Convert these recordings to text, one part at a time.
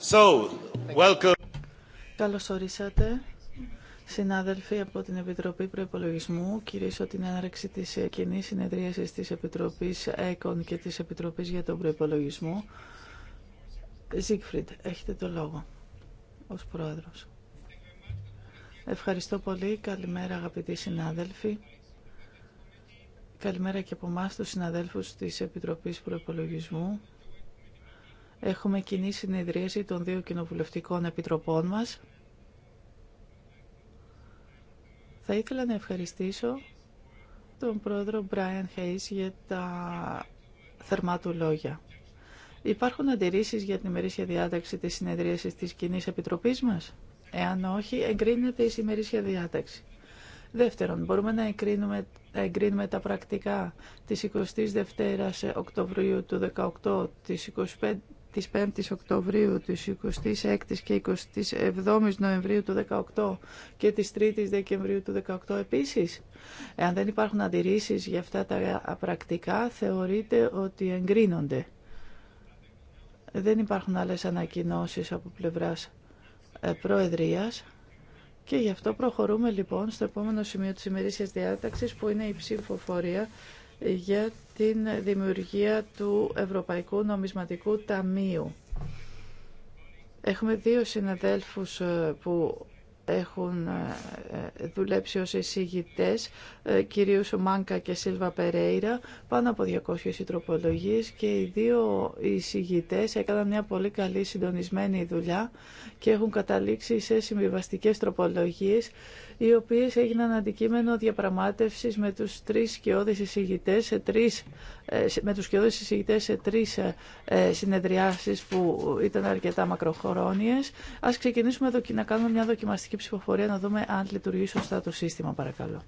So, welcome. Καλώς ορίσατε, συνάδελφοι από την Επιτροπή Προϋπολογισμού. Κυρίσω την έναρξη της κοινή συνεδρίασης της Επιτροπής ΕΚΟΝ και της Επιτροπής για τον Προϋπολογισμό. Ζίγκφριντ, έχετε το λόγο ως πρόεδρος. Ευχαριστώ πολύ. Καλημέρα αγαπητοί συνάδελφοι. Καλημέρα και από εμά τους συναδέλφους της Επιτροπής Προϋπολογισμού. Έχουμε κοινή συνεδρίαση των δύο κοινοβουλευτικών επιτροπών μας. Θα ήθελα να ευχαριστήσω τον πρόεδρο Μπράιαν Χαΐς για τα θερμά του λόγια. Υπάρχουν αντιρρήσεις για την ημερήσια διάταξη της συνεδρίασης της κοινή επιτροπής μας. Εάν όχι, εγκρίνεται η ημερήσια διάταξη. Δεύτερον, μπορούμε να εγκρίνουμε, εγκρίνουμε τα πρακτικά της 22ης Δευτέρας Οκτωβρίου του 18, της 25, της 5ης Οκτωβρίου, της 26ης και 27ης Νοεμβρίου του 2018 και της 3ης Δεκεμβρίου του 2018 επίσης. Εάν δεν υπάρχουν αντιρρήσεις για αυτά τα πρακτικά, θεωρείται ότι εγκρίνονται. Δεν υπάρχουν άλλες ανακοινώσεις από πλευράς ε, Προεδρίας. Και γι' αυτό προχωρούμε λοιπόν στο επόμενο σημείο της ημερήσιας διάταξης που είναι η ψηφοφορία για την δημιουργία του Ευρωπαϊκού Νομισματικού Ταμείου. Έχουμε δύο συναδέλφους ε, που έχουν ε, ε, δουλέψει ως εισηγητές, ε, κυρίως ο Μάνκα και Σίλβα Περέιρα, πάνω από 200 τροπολογίες και οι δύο εισηγητές έκαναν μια πολύ καλή συντονισμένη δουλειά και έχουν καταλήξει σε συμβιβαστικές τροπολογίες, οι οποίες έγιναν αντικείμενο διαπραγμάτευσης με τους τρεις σκιώδες εισηγητές σε τρεις, με τους σκιώδες εισηγητές σε τρεις συνεδριάσεις που ήταν αρκετά μακροχρόνιες. Ας ξεκινήσουμε να κάνουμε μια δοκιμαστική ψηφοφορία να δούμε αν λειτουργεί σωστά το σύστημα, παρακαλώ.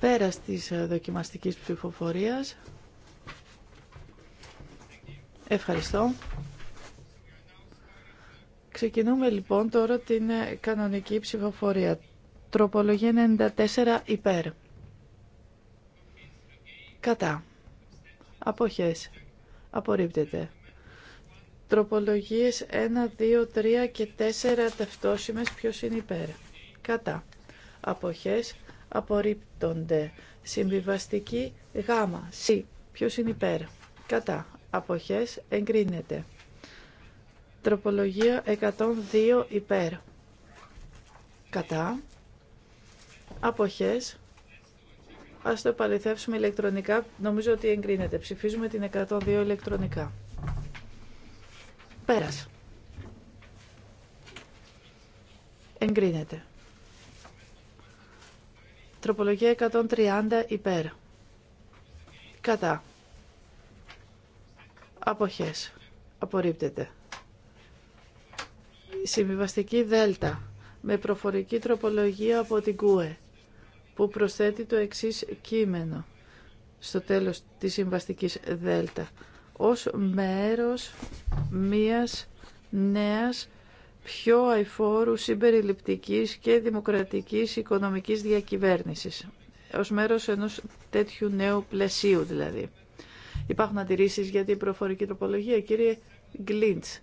Πέρας της ε, δοκιμαστικής ψηφοφορίας. Ευχαριστώ. Ξεκινούμε λοιπόν τώρα την ε, κανονική ψηφοφορία. Τροπολογία 94 υπέρ. Κατά. Αποχές. Απορρίπτεται. Τροπολογίες 1, 2, 3 και 4 ταυτόσημες ποιος είναι υπέρ. Κατά. Αποχές απορρίπτονται. Συμβιβαστική Γ. Σ. Ποιος είναι υπέρ. Κατά. Αποχές εγκρίνεται. Τροπολογία 102 υπέρ. Κατά. Αποχές Ας το επαληθεύσουμε ηλεκτρονικά. Νομίζω ότι εγκρίνεται. Ψηφίζουμε την 102 ηλεκτρονικά. Πέρασε. Εγκρίνεται. Τροπολογία 130 υπέρ. Κατά. Αποχές. Απορρίπτεται. Συμβιβαστική δέλτα. Με προφορική τροπολογία από την ΚΟΕ που προσθέτει το εξής κείμενο στο τέλος της συμβαστικής δέλτα ως μέρος μίας νέας πιο αηφόρου συμπεριληπτικής και δημοκρατικής οικονομικής διακυβέρνησης. Ως μέρος ενός τέτοιου νέου πλαισίου δηλαδή. Υπάρχουν αντιρρήσεις για την προφορική τροπολογία, κύριε Γκλίντς.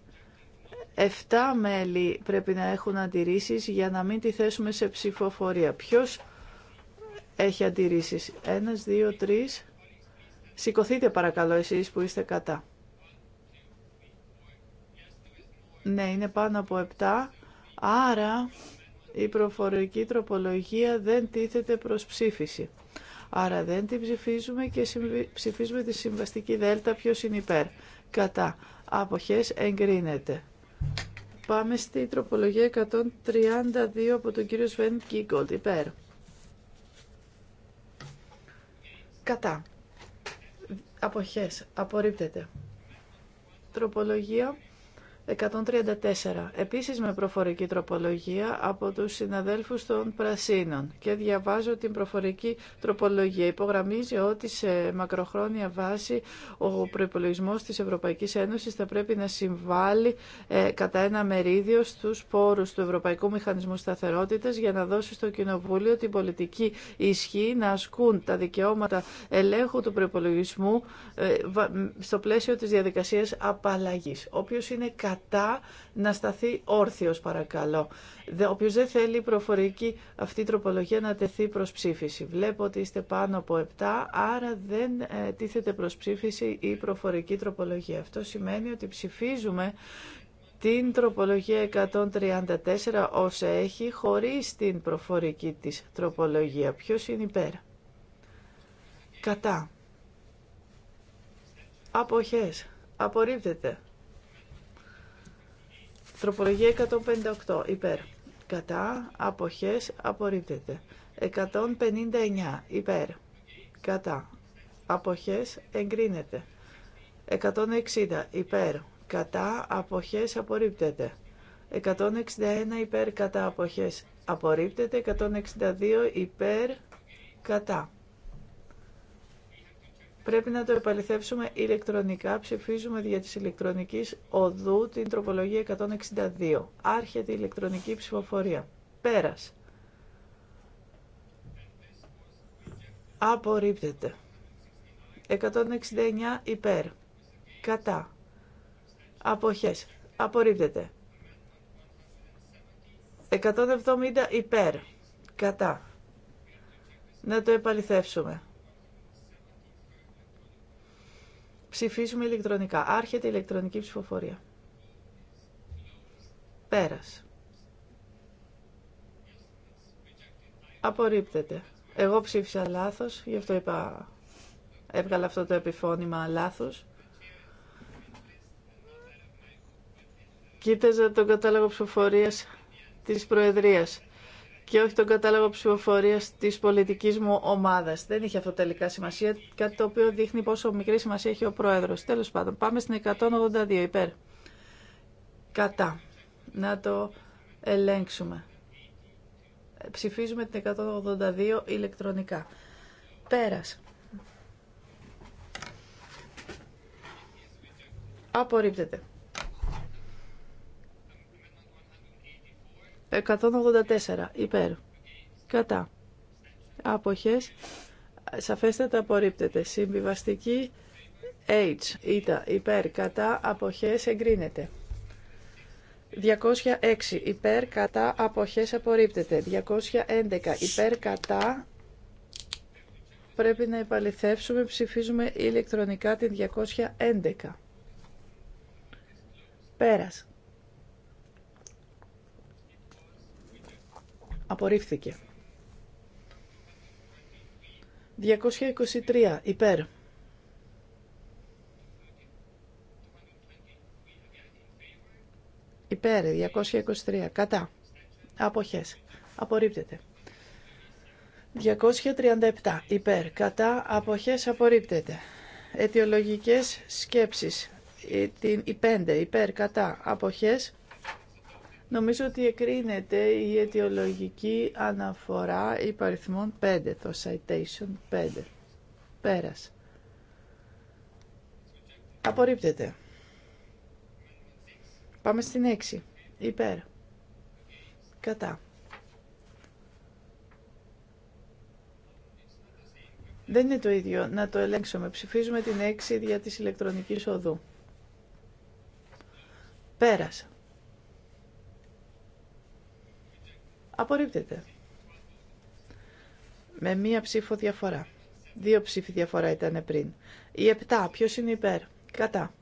Εφτά μέλη πρέπει να έχουν αντιρρήσεις για να μην τη θέσουμε σε ψηφοφορία. Ποιος έχει αντιρρήσει. Ένας, δύο, τρεις. Σηκωθείτε παρακαλώ εσείς που είστε κατά. Ναι, είναι πάνω από 7. Άρα η προφορική τροπολογία δεν τίθεται προς ψήφιση. Άρα δεν την ψηφίζουμε και ψηφίζουμε τη συμβαστική δέλτα ποιο είναι υπέρ. Κατά. Αποχές εγκρίνεται. Πάμε στη τροπολογία 132 από τον κύριο Σβέν Κίγκολτ. Υπέρ. Κατά. Αποχές. Απορρίπτεται. Τροπολογία 134. Επίσης με προφορική τροπολογία από τους συναδέλφους των Πρασίνων και διαβάζω την προφορική τροπολογία. Υπογραμμίζει ότι σε μακροχρόνια βάση ο προπολογισμό της Ευρωπαϊκής Ένωσης θα πρέπει να συμβάλλει ε, κατά ένα μερίδιο στους πόρους του Ευρωπαϊκού Μηχανισμού Σταθερότητας για να δώσει στο Κοινοβούλιο την πολιτική ισχύ να ασκούν τα δικαιώματα ελέγχου του προπολογισμού ε, στο πλαίσιο της διαδικασίας απαλλαγής. είναι κατά να σταθεί όρθιος παρακαλώ. Ο οποίος δεν θέλει προφορική αυτή η τροπολογία να τεθεί προς ψήφιση. Βλέπω ότι είστε πάνω από 7, άρα δεν ε, τίθεται προς ψήφιση η προφορική τροπολογία. Αυτό σημαίνει ότι ψηφίζουμε την τροπολογία 134 όσα έχει χωρίς την προφορική της τροπολογία. Ποιος είναι υπέρ. Κατά. Αποχές. Απορρίπτεται. Τροπολογία 158 υπέρ. Κατά αποχές απορρίπτεται. 159 υπέρ. Κατά αποχές εγκρίνεται. 160 υπέρ. Κατά αποχές απορρίπτεται. 161 υπέρ κατά αποχές απορρίπτεται. 162 υπέρ κατά Πρέπει να το επαληθεύσουμε ηλεκτρονικά. Ψηφίζουμε δια της ηλεκτρονικής οδού την τροπολογία 162. Άρχεται η ηλεκτρονική ψηφοφορία. Πέρας. Απορρίπτεται. 169 υπέρ. Κατά. Αποχές. Απορρίπτεται. 170 υπέρ. Κατά. Να το επαληθεύσουμε. Ψηφίσουμε ηλεκτρονικά. Άρχεται η ηλεκτρονική ψηφοφορία. Πέρας. Απορρίπτεται. Εγώ ψήφισα λάθος, γι' αυτό είπα, έβγαλα αυτό το επιφώνημα λάθος. Κοίταζα τον κατάλογο ψηφοφορίας της Προεδρίας και όχι τον κατάλογο ψηφοφορία τη πολιτική μου ομάδα. Δεν είχε αυτό τελικά σημασία, κάτι το οποίο δείχνει πόσο μικρή σημασία έχει ο πρόεδρο. Τέλο πάντων, πάμε στην 182 υπέρ. Κατά. Να το ελέγξουμε. Ψηφίζουμε την 182 ηλεκτρονικά. Πέρας. Απορρίπτεται. 184 υπέρ. Κατά. Αποχές. Σαφέστατα απορρίπτεται. Συμβιβαστική H. Ήτα. Υπέρ. Κατά. Αποχές. Εγκρίνεται. 206 υπέρ κατά αποχές απορρίπτεται 211 υπέρ κατά πρέπει να επαληθεύσουμε ψηφίζουμε ηλεκτρονικά την 211 πέρας Απορρίφθηκε. 223 υπέρ. Υπέρ 223 κατά. Αποχές. Απορρίπτεται. 237 υπέρ κατά. Αποχές απορρίπτεται. Αιτιολογικές σκέψεις. Ε, η 5 υπέρ κατά. Αποχές Νομίζω ότι εκρίνεται η αιτιολογική αναφορά υπαριθμών 5, το citation 5. Πέρας. Απορρίπτεται. Πάμε στην 6. Υπέρ. Κατά. Δεν είναι το ίδιο. Να το ελέγξουμε. Ψηφίζουμε την 6 για της ηλεκτρονικής οδού. Πέρασα. Απορρίπτεται. Με μία ψήφο διαφορά. Δύο ψήφοι διαφορά ήταν πριν. Η 7. Ποιος είναι υπέρ. Κατά.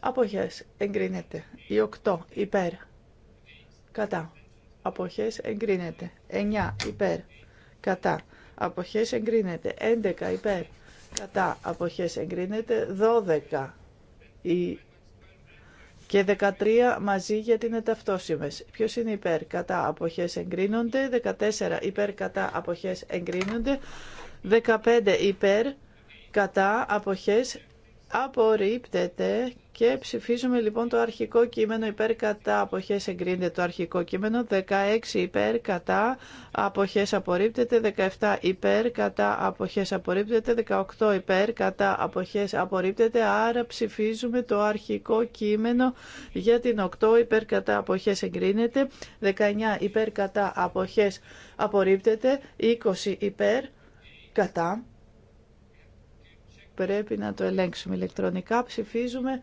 Αποχές. Εγκρίνεται. Η 8. Υπέρ. Κατά. Αποχές. Εγκρίνεται. 9. Υπέρ. Κατά. Αποχές. Εγκρίνεται. 11. Υπέρ. Κατά. Αποχές. Εγκρίνεται. 12. Η και 13 μαζί γιατί είναι ταυτόσιμε. Ποιο είναι υπέρ κατά αποχές εγκρίνονται, 14 υπέρ κατά αποχές εγκρίνονται, 15 υπέρ κατά αποχές απορρίπτεται και ψηφίζουμε λοιπόν το αρχικό κείμενο υπέρ κατά αποχές εγκρίνεται το αρχικό κείμενο 16 υπέρ κατά αποχές απορρίπτεται 17 υπέρ κατά αποχές απορρίπτεται 18 υπέρ κατά αποχές απορρίπτεται άρα ψηφίζουμε το αρχικό κείμενο για την 8 υπέρ κατά αποχές εγκρίνεται 19 υπέρ κατά αποχές απορρίπτεται 20 υπέρ κατά Πρέπει να το ελέγξουμε ηλεκτρονικά. Ψηφίζουμε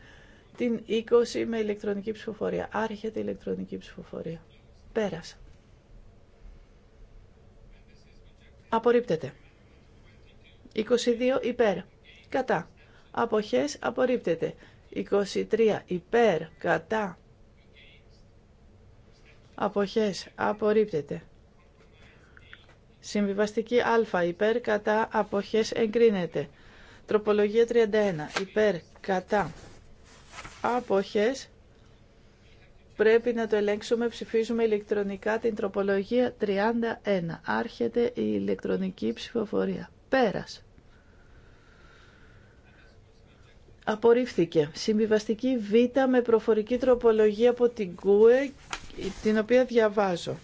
την 20 με ηλεκτρονική ψηφοφορία. Άρχεται η ηλεκτρονική ψηφοφορία. Πέρασε. Απορρίπτεται. 22 υπέρ. Κατά. Αποχές απορρίπτεται. 23 υπέρ. Κατά. Αποχές απορρίπτεται. Συμβιβαστική α υπέρ κατά αποχές εγκρίνεται. Τροπολογία 31. Υπέρ, κατά, αποχές. Πρέπει να το ελέγξουμε. Ψηφίζουμε ηλεκτρονικά την τροπολογία 31. Άρχεται η ηλεκτρονική ψηφοφορία. Πέρας. Απορρίφθηκε. Συμβιβαστική Β με προφορική τροπολογία από την ΚΟΕ, την οποία διαβάζω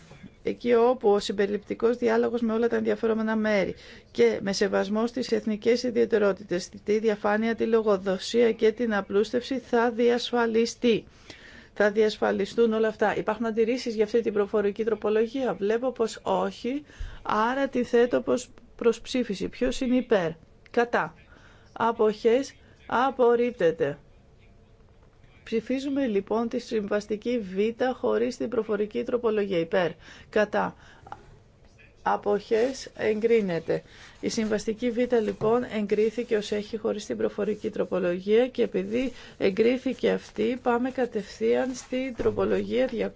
εκεί όπου ο συμπεριληπτικός διάλογος με όλα τα ενδιαφερόμενα μέρη και με σεβασμό στις εθνικές ιδιαιτερότητες, τη διαφάνεια, τη λογοδοσία και την απλούστευση θα διασφαλιστεί. Θα διασφαλιστούν όλα αυτά. Υπάρχουν αντιρρήσεις για αυτή την προφορική τροπολογία. Βλέπω πως όχι, άρα τη θέτω πως προς ψήφιση. Ποιος είναι υπέρ. Κατά. Αποχές απορρίπτεται. Ψηφίζουμε λοιπόν τη συμβαστική Β χωρίς την προφορική τροπολογία υπέρ. Κατά. Αποχές εγκρίνεται. Η συμβαστική Β λοιπόν εγκρίθηκε ως έχει χωρίς την προφορική τροπολογία και επειδή εγκρίθηκε αυτή πάμε κατευθείαν στην τροπολογία 226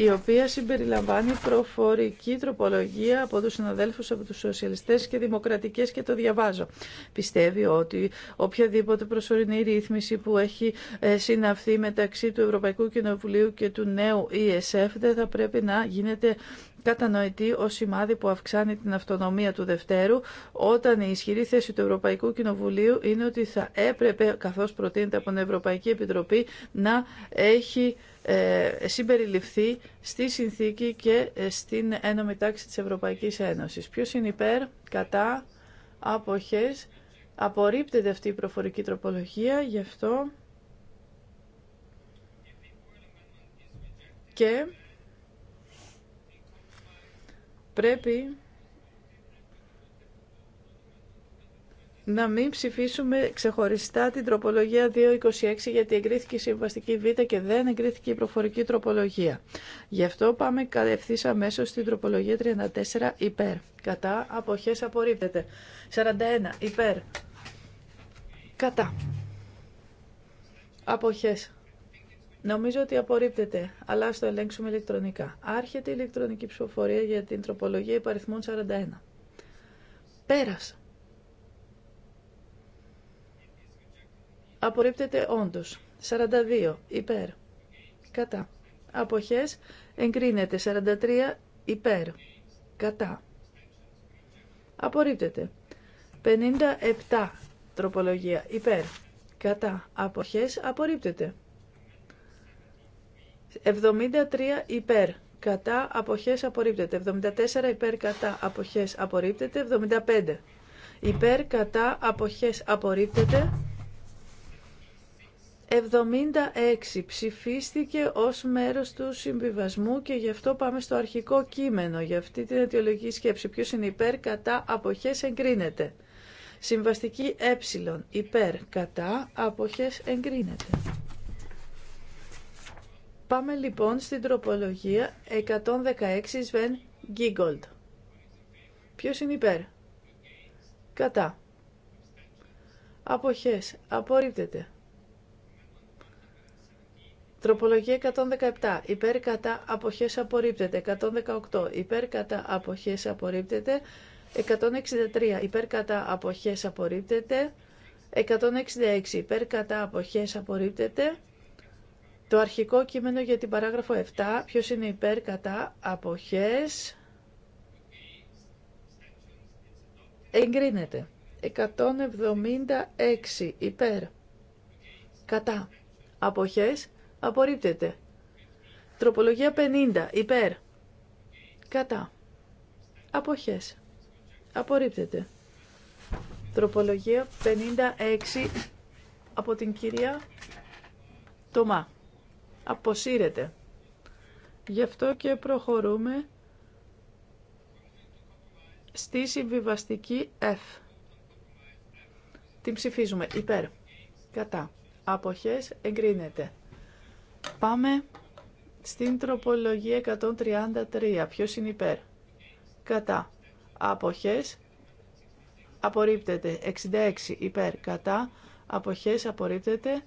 η οποία συμπεριλαμβάνει προφορική τροπολογία από τους συναδέλφους από τους σοσιαλιστές και δημοκρατικές και το διαβάζω. Πιστεύει ότι οποιαδήποτε προσωρινή ρύθμιση που έχει ε, συναυθεί μεταξύ του Ευρωπαϊκού Κοινοβουλίου και του νέου ESF δεν θα πρέπει να γίνεται κατανοητή ω σημάδι που αυξάνει την αυτονομία του Δευτέρου, όταν η ισχυρή θέση του Ευρωπαϊκού Κοινοβουλίου είναι ότι θα έπρεπε, καθώς προτείνεται από την Ευρωπαϊκή Επιτροπή, να έχει ε, συμπεριληφθεί στη συνθήκη και ε, στην ένωμη τάξη της Ευρωπαϊκής Ένωσης. Ποιο είναι υπέρ, κατά, αποχές, απορρίπτεται αυτή η προφορική τροπολογία, γι' αυτό και πρέπει να μην ψηφίσουμε ξεχωριστά την τροπολογία 2.26 γιατί εγκρίθηκε η συμβαστική Β και δεν εγκρίθηκε η προφορική τροπολογία. Γι' αυτό πάμε κατευθύνς αμέσως στην τροπολογία 34 υπέρ. Κατά αποχές απορρίπτεται. 41 υπέρ. Κατά. Αποχές Νομίζω ότι απορρίπτεται, αλλά ας το ελέγξουμε ηλεκτρονικά. Άρχεται η ηλεκτρονική ψηφοφορία για την τροπολογία υπαριθμών 41. Πέρασα. Απορρίπτεται όντως. 42. Υπέρ. Κατά. Αποχές. Εγκρίνεται. 43. Υπέρ. Κατά. Απορρίπτεται. 57. Τροπολογία. Υπέρ. Κατά. Αποχές. Απορρίπτεται. 73 υπέρ κατά αποχές απορρίπτεται. 74 υπέρ κατά αποχές απορρίπτεται. 75 υπέρ κατά αποχές απορρίπτεται. 76 ψηφίστηκε ως μέρος του συμβιβασμού και γι' αυτό πάμε στο αρχικό κείμενο. Για αυτή την αιτιολογική σκέψη Ποιο είναι υπέρ κατά αποχές εγκρίνεται. Συμβαστική ε υπέρ κατά αποχές εγκρίνεται. Πάμε λοιπόν στην τροπολογία 116 Sven Giggold. Ποιος είναι υπέρ. Κατά. Αποχές. Απορρίπτεται. Τροπολογία 117. Υπέρ κατά αποχές απορρίπτεται. 118. Υπέρ κατά αποχές απορρίπτεται. 163. Υπέρ κατά αποχές απορρίπτεται. 166. Υπέρ κατά αποχές απορρίπτεται. Το αρχικό κείμενο για την παράγραφο 7, ποιος είναι υπέρ κατά αποχές, εγκρίνεται. 176 υπέρ κατά αποχές, απορρίπτεται. Τροπολογία 50 υπέρ κατά αποχές, απορρίπτεται. Τροπολογία 56 από την κυρία Τομά αποσύρεται. Γι' αυτό και προχωρούμε στη συμβιβαστική F. Την ψηφίζουμε υπέρ, κατά, αποχές, εγκρίνεται. Πάμε στην τροπολογία 133. Ποιος είναι υπέρ, κατά, αποχές, απορρίπτεται. 66 υπέρ, κατά, αποχές, απορρίπτεται.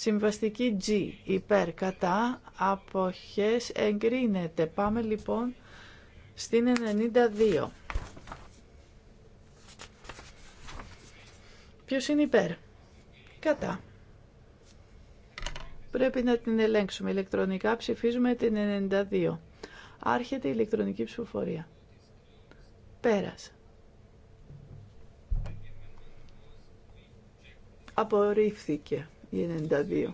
Συμβαστική G υπέρ κατά αποχές εγκρίνεται. Πάμε λοιπόν στην 92. Ποιος είναι υπέρ. Κατά. Πρέπει να την ελέγξουμε ηλεκτρονικά. Ψηφίζουμε την 92. Άρχεται η ηλεκτρονική ψηφοφορία. Πέρασε. Απορρίφθηκε. 92.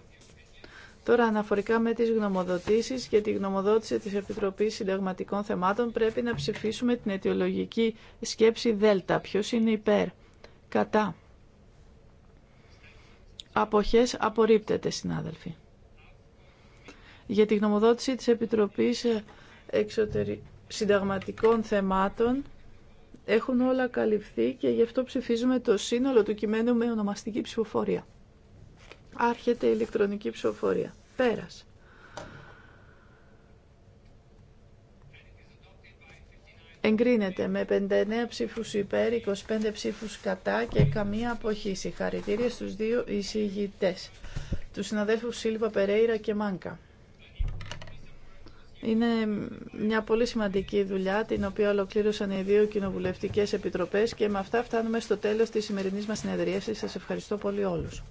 Τώρα αναφορικά με τις γνωμοδοτήσεις και τη γνωμοδότηση της Επιτροπής Συνταγματικών Θεμάτων πρέπει να ψηφίσουμε την αιτιολογική σκέψη Δέλτα. Ποιος είναι υπέρ. Κατά. Αποχές απορρίπτεται συνάδελφοι. Για τη γνωμοδότηση της Επιτροπής ε, εξωτερικών Συνταγματικών Θεμάτων έχουν όλα καλυφθεί και γι' αυτό ψηφίζουμε το σύνολο του κειμένου με ονομαστική ψηφοφορία. Άρχεται η ηλεκτρονική ψηφοφορία. Πέρας. Εγκρίνεται με 59 ψήφους υπέρ, 25 ψήφους κατά και καμία αποχή. Συγχαρητήρια στους δύο εισηγητές, τους συναδέλφους Σίλβα Περέιρα και Μάνκα. Είναι μια πολύ σημαντική δουλειά την οποία ολοκλήρωσαν οι δύο κοινοβουλευτικές επιτροπές και με αυτά φτάνουμε στο τέλος της σημερινής μας συνεδρίασης. Σας ευχαριστώ πολύ όλους.